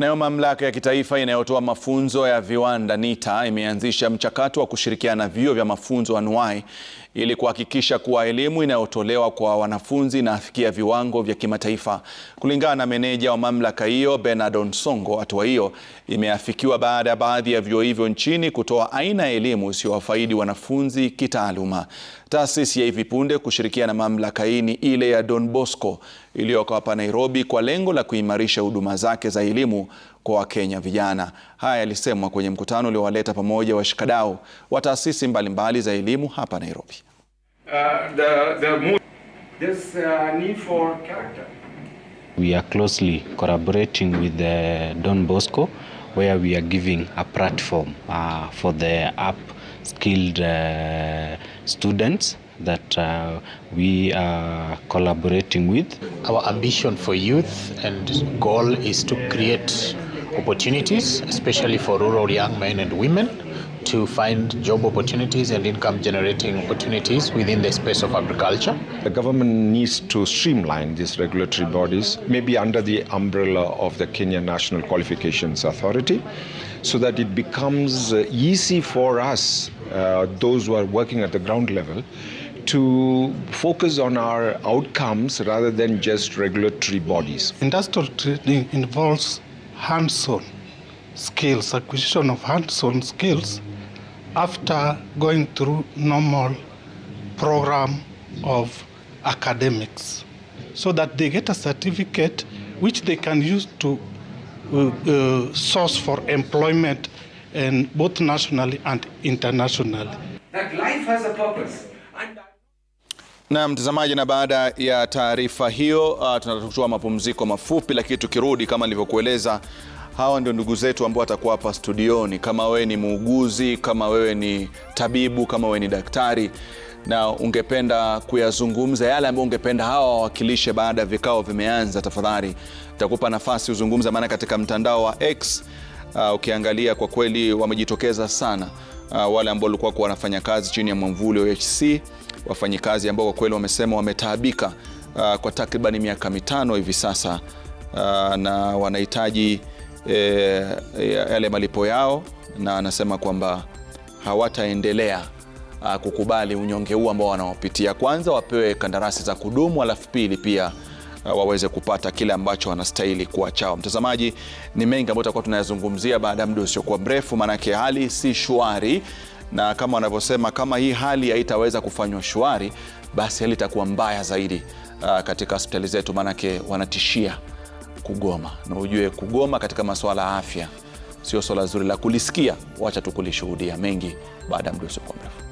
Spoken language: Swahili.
Nayo mamlaka ya kitaifa inayotoa mafunzo ya viwanda NITA imeanzisha mchakato wa kushirikiana vyuo vya mafunzo anuai ili kuhakikisha kuwa elimu inayotolewa kwa wanafunzi inafikia viwango vya kimataifa. Kulingana na meneja wa mamlaka hiyo Bernard Onsongo, hatua hiyo imeafikiwa baada ya baadhi ya vyuo hivyo nchini kutoa aina ya elimu isiyowafaidi wanafunzi kitaaluma. Taasisi ya hivi punde kushirikiana na mamlaka hii ni ile ya Don Bosco iliyoko hapa Nairobi kwa lengo la kuimarisha huduma zake za elimu kwa Wakenya vijana. Haya yalisemwa kwenye mkutano uliowaleta pamoja washikadau wa taasisi mbalimbali za elimu hapa Nairobi. Uh, the, the... This, uh, need for character. We are closely collaborating with uh, Don Bosco where we are giving a platform uh, for the uh, students that uh, we are collaborating with. Our ambition for youth and goal is to create opportunities, especially for rural young men and women, to find job opportunities and income generating opportunities within the space of agriculture. The government needs to streamline these regulatory bodies, maybe under the umbrella of the Kenya National Qualifications Authority, so that it becomes uh, easy for us, uh, those who are working at the ground level, to focus on our outcomes rather than just regulatory bodies. Industrial trading involves hands-on skills, acquisition of hands-on skills after going through normal program of academics so that they get a certificate which they can use to uh, uh, source for employment and both nationally and internationally. That life has a purpose. Na mtazamaji, na baada ya taarifa hiyo uh, tunatoa mapumziko mafupi, lakini tukirudi, kama nilivyokueleza, hawa ndio ndugu zetu ambao watakuwa hapa studioni. Kama wewe ni muuguzi, kama wewe ni tabibu, kama wewe ni daktari na ungependa kuyazungumza yale ambayo ungependa hawa wawakilishe baada ya vikao vimeanza, tafadhali takupa nafasi uzungumza, maana katika mtandao wa X uh, ukiangalia kwa kweli wamejitokeza sana uh, wale ambao walikuwa wanafanya kazi chini ya mwamvuli wa HC wafanyikazi ambao kwa kweli wamesema wametaabika uh, kwa takribani miaka mitano hivi sasa uh, na wanahitaji eh, yale malipo yao, na anasema kwamba hawataendelea uh, kukubali unyonge huu ambao wanaopitia. Kwanza wapewe kandarasi za kudumu, alafu pili pia uh, waweze kupata kile ambacho wanastahili kuwa chao. Mtazamaji, ni mengi ambayo tutakuwa tunayazungumzia baada ya muda usiokuwa mrefu, maanake hali si shwari na kama wanavyosema, kama hii hali haitaweza kufanywa shwari, basi hali itakuwa mbaya zaidi uh, katika hospitali zetu, maanake wanatishia kugoma, na ujue kugoma katika masuala ya afya sio swala zuri la kulisikia, wacha tu kulishuhudia mengi baada ya muda kwa mrefu.